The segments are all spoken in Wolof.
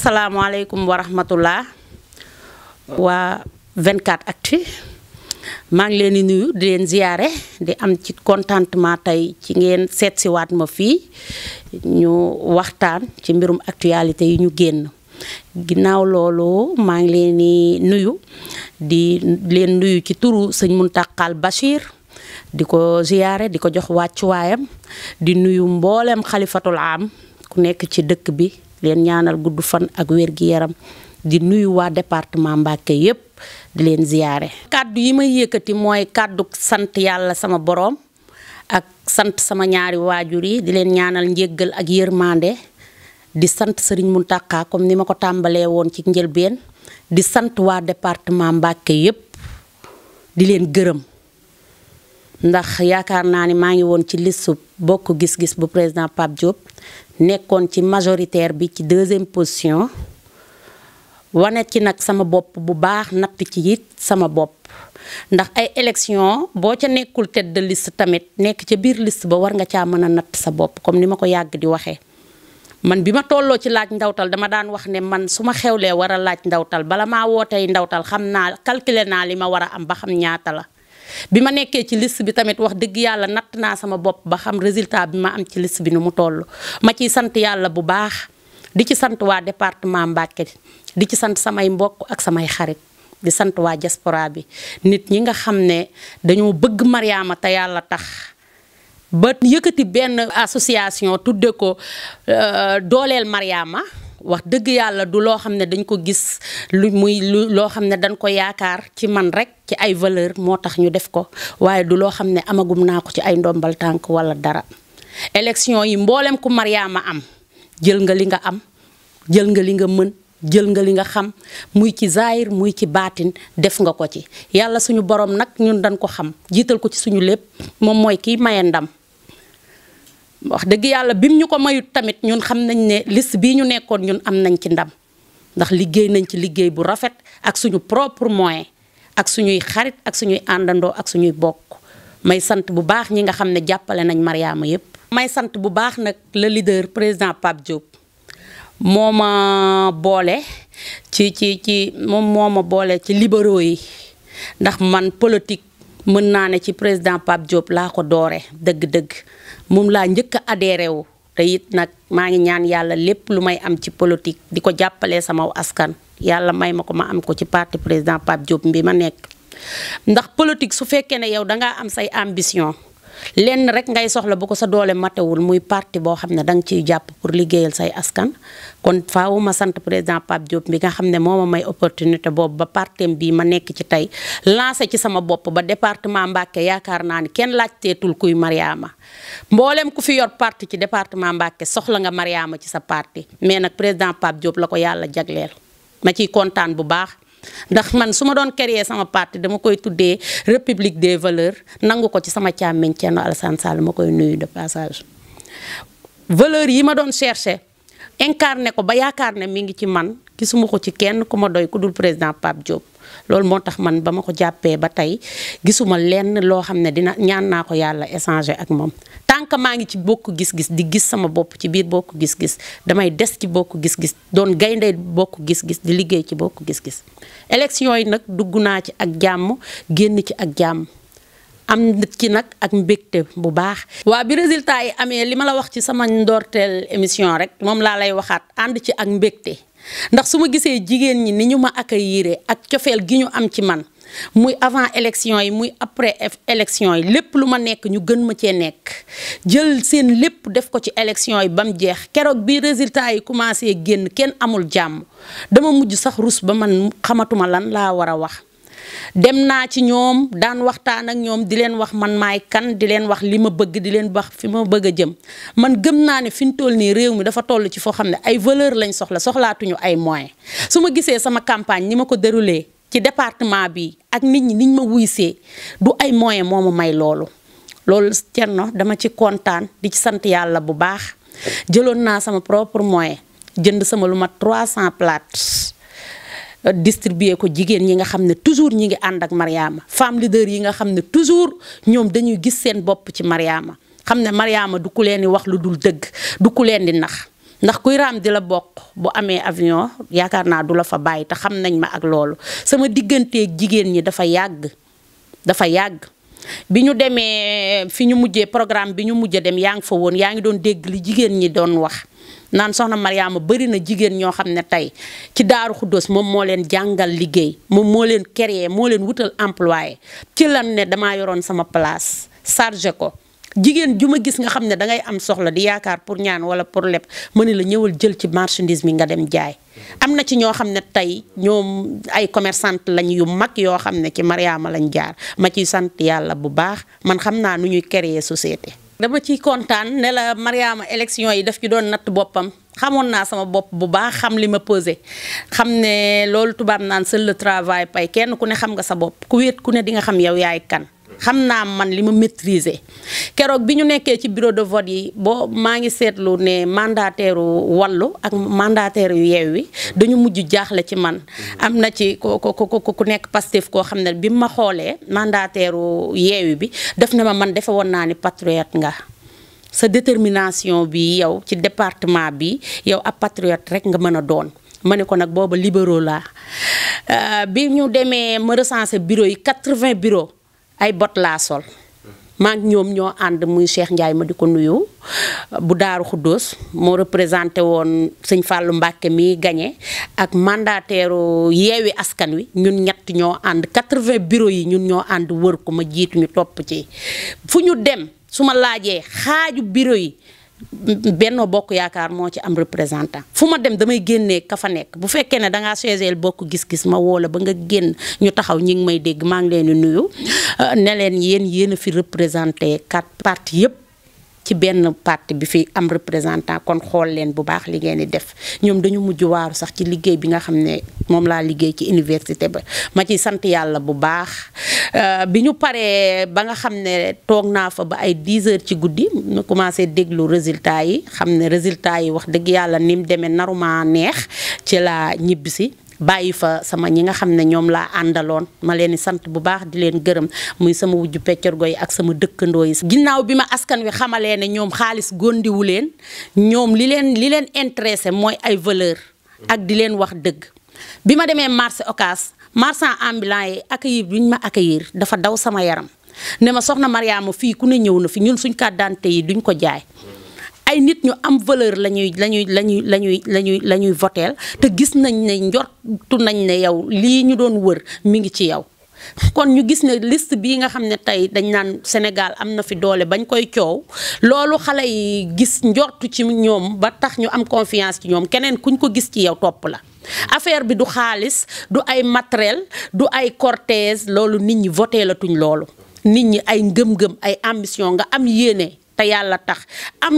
asalaamaaleykum wa rahmatullah waa 24 actu maa ngi leen di nuyu di leen ziyaare di am ci contentement tey ci ngeen seet waat ma fii ñu waxtaan ci mbirum actualité yi ñu génn ginnaaw loolu maa ngi leen nuyu di leen nuyu ci turu sëñ Muntaxal Bachir di ko ziyaare di ko jox wàccuwaayam di nuyu mbooleem xalifatul am ku nekk ci dëkk bi leen ñaanal gudd fan ak wér gi yaram di nuyu waa département Mbacké yépp di leen ziyaare kàddu yi may yëkkati mooy kàddu sant yàlla sama boroom ak sant sama ñaari waajur yi di leen ñaanal njégal ak yërmande di sant Serigne mu comme ni ma ko tàmbalee woon ci njëlbeen di sant waa département Mbacké yépp di leen gërëm ndax yaakaar naa ni maa ngi woon ci liste bokk gis-gis bu président Pape Diop nekkoon ci majoritaire bi ci deusième position wane ci nag sama bopp bu baax natt ci it sama bopp ndax ay élection boo ca nekkul tête de tamit nekk ca biir liste ba war nga caa mën a natt sa bopp comme ni ma ko yàgg di waxee man bi ma tolloo ci laaj ndawtal dama daan wax ne man su ma xewlee war a laaj ndawtal bala maa wootee ndawtal xam naa calculer naa li ma war a am ba ñaata la bi ma nekkee ci liste bi tamit wax dëgg yàlla natt naa sama bopp ba xam résultat bi ma am ci liste bi nu mu toll ma ciy sant yàlla bu baax di ci sant waa département Mbacké di ci sant samay mbokk ak samay xarit di sant waa diaspora bi nit ñi nga xam ne dañoo bëgg Mariama te yàlla tax ba yëkkati benn association tudde ko euh, dooleel Mariama wax dëgg yàlla du loo xam ne dañ ko gis lu muy lu loo xam ne dañ ko yaakaar ci man rek ci ay valeur moo tax ñu def ko waaye du loo xam ne amagum naa ko ci ay ndombal tànk wala dara élection yi mboolem ku Mariama am jël nga li nga am jël nga li nga mën jël nga li nga xam muy ci zaahir muy ci baatin def nga ko ci yàlla suñu borom nag ñun dañ ko xam jiital ko ci suñu lépp moom mooy kiy maye ndam wax dëgg yàlla bim ñu ko mayut tamit ñun xam nañ ne list bii ñu nekkoon ñun am nañ ci ndam ndax liggéey nañ ci liggéey bu rafet ak suñu propre moyen ak suñuy xarit ak suñuy àndandoo ak suñuy bokk may sant bu baax ñi nga xam ne jàppale nañ mariyaama yépp may sant bu baax nag la lider président Pape Diop mooma boole ci ci ci moom mooma boole ci libéraux yi ndax man politique mën naa ne ci président Pape Diop laa ko doore dëgg-dëgg moom laa njëkk a adhéré wu te it nag maa ngi ñaan yàlla lépp lu may am ci politique di ko jàppale sama askan yàlla may ma ko ma am ko ci parti président Pape Diop bi ma nekk ndax politique su fekkee ne yow dangaa am say ambition lenn rek ngay soxla bu ko sa doole matewul muy parti boo xam ne da nga ciy jàpp pour liggéeyal say askan kon faawu ma sant président Pape Diop bi nga xam ne moo ma may opportunité boobu ba partem bii ma nekk ci tey lancé ci sama bopp ba département Mbacké yaakaar naa ni kenn laajteetul kuy Mariama mboolem ku fi yor parti ci département Mbacké soxla nga Mariama ci sa parti mais nag président Pape Diop la ko yàlla jagleel ma ciy kontaan bu baax ndax man su ma doon créer sama parti dama koy tuddee république des valeurs nangu ko ci sama càmmiñ Thierno Alassane Sall ma koy nuyu de passage valeurs yi ma doon chercher incarné ko ba yaakaar ne mi ngi ci man gisuma ko ci kenn ku ma doy ku dul président Pape Diop loolu moo tax man ba ma ko jàppee ba tey gisuma lenn loo xam ne dina ñaan naa ko yàlla échanger ak moom tant que maa ngi ci bokk gis-gis di gis sama bopp ci biir bokk gis-gis damay des ci bokk gis-gis doon gayndee bokk gis-gis di liggéey ci bokk gis-gis élection yi nag dugg naa ci ak jàmm génn ci ak jàmm am ci nag ak mbégte bu baax waa bi résultat yi amee li ma la wax ci sama ndoorteel émission rek moom laa lay waxaat ànd ci ak mbégte ndax su ma gisee jigéen ñi ni ñu ma accueillir ak cofeel gi ñu am ci man muy avant élection yi muy après élection yi lépp lu ma nekk ñu gën ma cee nekk jël seen lépp def ko ci élection yi ba mu jeex keroog bi résultat yi commencé génn kenn amul jàmm dama mujj sax rus ba man xamatuma lan laa war a wax dem naa ci ñoom daan waxtaan ak ñoom di leen wax man maay kan di leen wax li ma bëgg di leen wax fi ma bëgg a jëm man gëm naa ne fi ñu toll nii réew mi dafa toll ci foo xam ne ay valeur lañ soxla soxlaatuñu ay moyen su ma gisee sama campagne ni ma ko déroulé ci département bi ak nit ñi niñ ma wuysee du ay moyen moo ma may loolu loolu Thierno dama ci kontaan di ci sant yàlla bu baax jëloon naa sama propre moyen jënd sama lu mat 300 plates distribuer ko jigéen ñi nga xam ne toujours ñi ngi ànd ak Mariama femme leader yi nga xam ne toujours ñoom dañuy gis seen bopp ci Mariama xam ne Mariama du ku leen di wax lu dul dëgg du ku leen di nax ndax kuy raam di la bokk bu amee avion yaakaar naa du la fa bàyyi te xam nañ ma ak loolu sama digganteeg jigéen ñi dafa yàgg dafa yàgg. bi ñu demee fi ñu mujjee programme bi ñu mujjee dem yaa ngi fa woon yaa ngi doon dégg li jigéen ñi doon wax naan soxna Mariama bëri na jigéen ñoo xam ne tey ci Daaru Xuddoos moom moo leen jàngal liggéey moom moo leen créer moo leen wutal employé ci lan ne damaa yoroon sama place chargé ko jigéen ju ma gis nga xam ne dangay am soxla di yaakaar pour ñaan wala pour lépp ma ne la ñëwal jël ci marchandise mi nga dem jaay am na ci ñoo xam ne tey ñoom ay commerçante lañ yu mag yoo xam ne ci Mariama lañ jaar ma ci sant yàlla bu baax man xam naa nu ñuy créer société dama ciy kontaan ne la Mariama élection yi daf ci doon natt boppam xamoon naa sama bopp bu baax xam li ma posé xam ne loolu tubaab naan seul le travail pay kenn ku ne xam nga sa bopp ku wéet ku ne di nga xam yow yaay kan. xam naa man li ma maîtriser keroog bi ñu nekkee ci bureau de vote yi boo maa ngi seetlu ne mandataire wallu ak mandataire yu yi dañu mujj jaaxle ci man am na ci ku ku ku nekk Pastef koo xam ne bi ma xoolee mandataire Yewwi bi def na ma man defe woon naa ni patriote nga sa détermination bi yow ci département bi yow ab patriote rek nga mën a doon ma ne ko nag booba libéraux laa euh, bi ñu demee ma recensé bureau yi vingt bureaux ay bot laa sol maa ñoom ñoo ànd muy Cheikh Ndiaye ma di ko nuyu bu Daaru Xuddoos moo représenté woon sëñ fàllu Mbacke mi gañe ak mandataire yeewi askan wi ñun ñett ñoo ànd quatre 80 bureaux yi ñun ñoo ànd wër ko ma jiitu ñu topp ci fu ñu dem su ma laajee xaaju bureau yi Benno Bokk Yaakaar moo ci am représentant fu ma dem damay génnee ka fa nekk bu fekkee ne dangaa choisir bokk gis-gis ma woo ba nga génn ñu taxaw ñi nga may dégg maa ngi leen di nuyu euh, ne leen yéen yéen a fi représenté quatre partis yëpp. ci benn parti bi fi am représentant kon xool leen bu baax li ngeen di def ñoom dañu mujj waaru sax ci liggéey bi nga xam ne moom laa liggéey ci université ba ma ciy sant yàlla bu baax euh, bi ñu paree ba nga xam ne toog naa fa ba ay 10 heures ci guddi ma commencé déglu résultat yi xam ne résultat yi wax dëgg yàlla ni mu demee naruma neex ci laa ñibbisi bàyyi fa sama ñi nga xam ne ñoom laa àndaloon ma leen di sant bu baax di leen gërëm muy sama wujju peccorgo yi ak sama dëkkandoo yi. ginnaaw bi ma askan wi xamalee ne ñoom xaalis góndiwu leen ñoom li leen li leen intéressé mooy ay valeur ak di leen wax dëgg bi ma demee marché Ocass marchand ambulant yi accueillir bi ñu ma accueillir dafa daw sama yaram ne ma soxna Mariama fii ku ne ñëw na fi ñun suñ carte yi duñ ko jaay. ay nit ñu am valeur la ñuy la ñuy la ñuy la ñuy la ñuy la ñuy voteel te gis nañ ne njortu nañ ne yow lii ñu doon wër mu ngi ci yow kon ñu gis ne list bii nga xam ne tey dañ naan Sénégal am na fi doole bañ koy coow loolu xale yi gis njortu ci ñoom ba tax ñu am confiance ci ñoom keneen kuñ ko gis ci yow topp la affaire bi du xaalis du ay matériel du ay cortège loolu nit ñi voté loolu nit ñi ay ngëm-ngëm ay ambition nga am yéene te yàlla tax am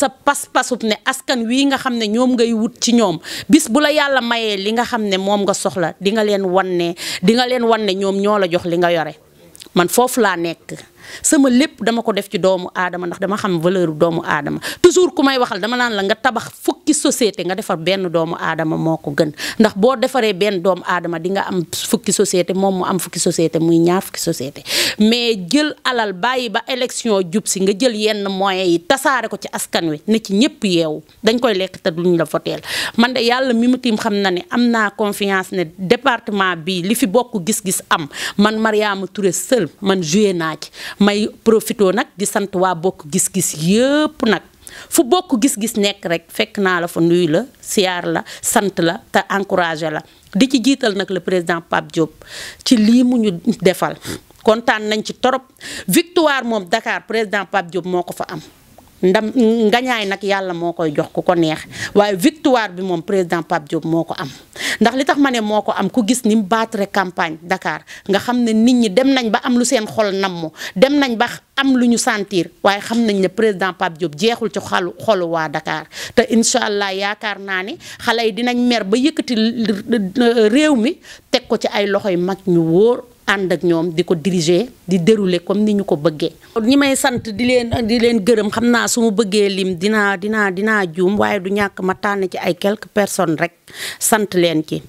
sa pas-pasub ne askan wii nga xam ne ñoom ngay wut ci ñoom bis bu la yàlla mayee li nga xam ne moom nga soxla di nga leen wan ne di leen wan ne ñoom ñoo la jox li nga yore man foofu laa nekk sama lépp dama ko def ci doomu aadama ndax dama xam valeur doomu aadama toujours ku may waxal dama naan la nga tabax fukki société nga defar benn doomu aadama moo ko gën ndax boo defaree benn doomu aadama di nga am fukki société moom mu am fukki société muy ñaar fukki société mais jël alal bàyyi ba élection jub si nga jël yenn moyens yi tasaare ko ci askan wi ne ci ñëpp yeewu dañ koy lekk te duñ la voteel man de yàlla mi mu tiim xam na ne am naa confiance ne département bi li fi bokk gis-gis am man Mariama Touré seul man joué naa ci may profito nag di sant waa bokk gis-gis yëpp nag fu bokk gis-gis nekk rek fekk naa la fa nuyu la siyaar la sant la te encouragé la di ci jiital nag la président Pape Diop ci lii mu ñu defal kontaan nañ ci torop victoire moom Dakar président Pape Diop moo ko fa am. ndam ngañaay nag yàlla moo koy jox ku ko neex waaye victoire bi moom président Pape Diop moo ko am ndax li tax ma ne moo ko am ku gis ni mu campagne Dakar nga xam ne nit ñi dem nañ ba am lu seen xol namm dem nañ ba am lu ñu sentir waaye xam nañ ne président Pape Diop jeexul ci xalu xolu waa dakaar te incha allah yaakaar naa ne xale yi dinañ mer ba yëkkati euh, réew mi teg ko ci ay loxo yu mag ñu wóor. ànd ak ñoom di ko diriger di dérouler comme ni ñu ko bëggee. ñi may sant di leen di leen gërëm xam naa su ma bëggee lim dinaa dinaa dinaa juum waaye du ñàkk ma tànn ci ay quelques personnes rek sant leen ci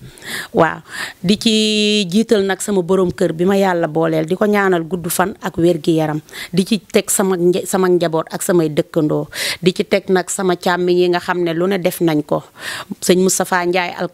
waaw di ci jiital nag sama borom kër bi ma yàlla booleel di ko ñaanal gudd fan ak wér gi yaram di ci teg sama sama njaboot ak samay dëkkandoo di ci teg nag sama càmmiñ yi nga xam ne lu ne def nañ ko sëñ Moustapha Ndiaye Al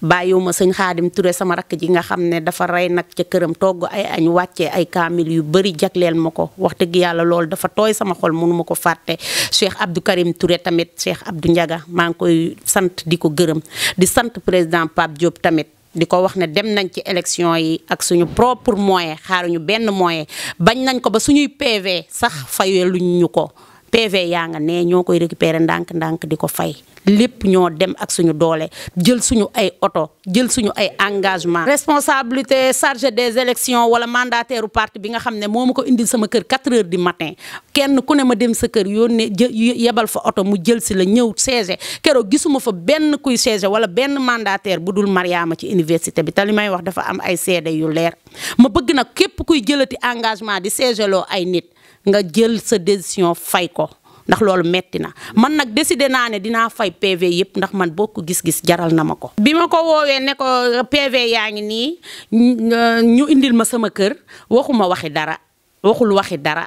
bàyyiwuma sëñ xaadim Touré sama rakk ji nga xam ne dafa rey nag ca këram togg ay añ wàccee ay kaamil yu bëri jagleel ma ko wax dëgg yàlla loolu dafa tooy sama xol mënu ma ko fàtte Cheikh Abdou Karim Touré tamit Cheikh Abdou Ndiaga maa ngi koy sant di ko gërëm di sant président Pape Diop tamit di ko wax ne dem nañ ci élection yi ak suñu propre moyen xaaruñu benn moyen bañ nañ ko ba suñuy PV sax fayeluñ ñu ko PV yaa nga ne ñoo koy récupérer ndànk-ndànk di ko fay lépp ñoo dem ak suñu doole jël suñu ay oto jël suñu ay engagement responsabilité chargé des élections wala mandataire parti bi nga xam ne moo ma ko indi sama kër 4 heures du matin kenn ku ne ma dem sa kër yoon ne yónnee yebal fa oto mu jël si la ñëw siège keroog gisuma fa benn kuy siège wala benn mandataire bu dul Mariama ci université bi te li may wax dafa am ay seede yu leer ma bëgg nag képp kuy jëlati engagement di loo ay nit nga jël sa décision fay ko ndax loolu metti na man nag décidé naa ne dinaa fay PV yëpp ndax man ko gis-gis jaral na ma ko. bi ma ko woowee ne ko PV yaa ngi nii ñu indil ma sama kër waxuma waxi dara waxul waxi dara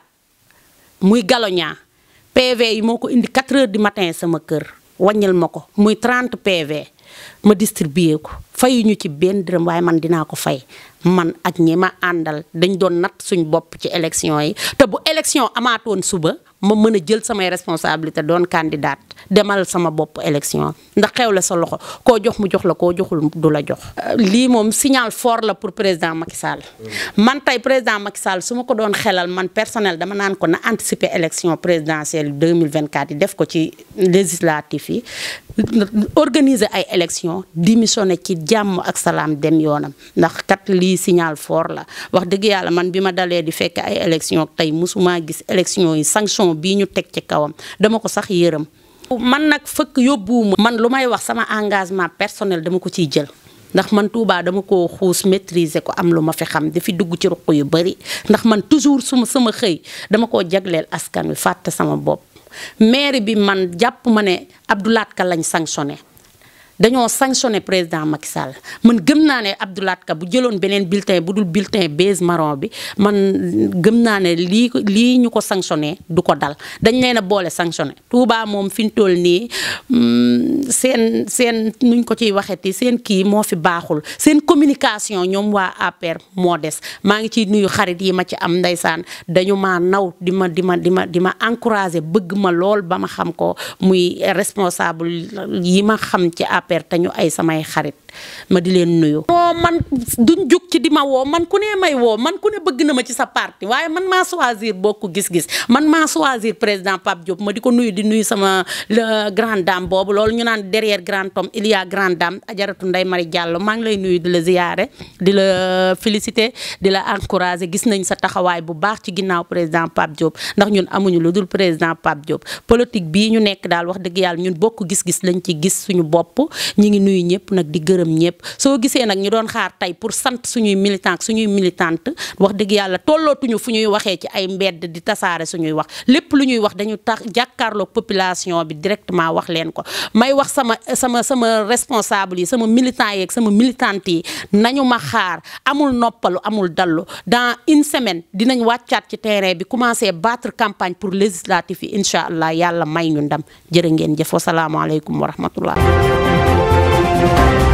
muy galoñaa PV yi moo ko indi 4 heures du matin sama kër wàññil ma ko muy 30 PV ma distribué ko. ñu ci benn dërëm waaye man dinaa ko fay man ak ñi ma àndal dañ doon nat suñ bopp ci élection yi te bu élection amaatoon suba ma mën a jël samay responsabilité doon candidate demal sama bopp élection ndax xew la sa loxo koo jox mu jox la koo joxul du la jox. lii moom signal fort la pour président Macky Sall. man tey président Macky Sall su ma ko doon xelal man personnel dama naan ko na anticiper élection présidentielle 2024 yi def ko ci législatif yi organiser ay élection jàmm ak salaam dem yoonam ndax kat lii signal fort la wax dëgg yàlla man bi ma dalee di fekk ay élection tey musuma gis élection yi sanction bii ñu teg ci kawam dama ko sax yërëm man nag fëkk yóbbuwuma man lu may wax sama engagement personnel dama ko ciy jël ndax man tuubaa dama ko xuus maîtriser ko am lu ma fi xam dafi dugg ci ruq yu bari ndax man toujours suma sama xëy dama koo jagleel askan wi fàtte sama bopp maire bi man jàpp ma ne Abdou Lahad Ka lañ sanctionné dañoo sanctionné président Macky Sall man gëm naa ne Abdoulaye Ka bu jëloon beneen bulletin bu dul bulletin beige maron bi man gëm naa ne lii lii ñu ko sanctionné du ko dal dañ leen a boole sanctionné Touba moom fi ñu toll nii mm, seen seen nuñ ko ciy waxeti seen kii moo fi baaxul seen communication ñoom waa APR moo des maa ngi ciy nuyu xarit yi ma ci am ndeysaan dañu maa naw di ma di ma di ma di ma encouragé bëgg ma lool ba ma xam ko muy responsable yi ma xam APR te ñu ay samay xarit ma di leen nuyu. moo man duñ jóg ci di ma woo man ku ne may woo man ku ne bëgg na ma ci sa parti waaye man maa choisir bokk gis-gis man maa choisir président Pape Diop ma di ko nuyu di nuyu sama grand dame boobu loolu ñu naan derrière grand homme il y a grande dame Ajaratu Ndeye Marie Diallo maa ngi lay nuyu di la ziyaare di la euh, féliciter di la encourager gis nañ sa taxawaay bu baax ci ginnaaw président Pape Diop ndax ñun amuñu lu dul président Pape Diop politique bii ñu nekk daal wax dëgg yàlla ñun bokk gis-gis lañ ci gis suñu bopp gërëm ñëpp soo gisee nag ñu doon xaar tey pour sant suñuy militant suñuy militante wax dëgg yàlla tollootuñu fu ñuy waxee ci ay mbedd di tasaare suñuy wax lépp lu ñuy wax dañu tax jàkkaarloo population bi directement wax leen ko may wax sama sama sama responsable yi sama militant yeeg sama militante yi nañu ma xaar amul noppalu amul dallu dans une semaine dinañ wàccaat ci terrain bi commencé battre campagne pour législatif yi incha allah yàlla may ñu ndam jërë ngeen jëf wasalaamaaleykum wa rahmatullah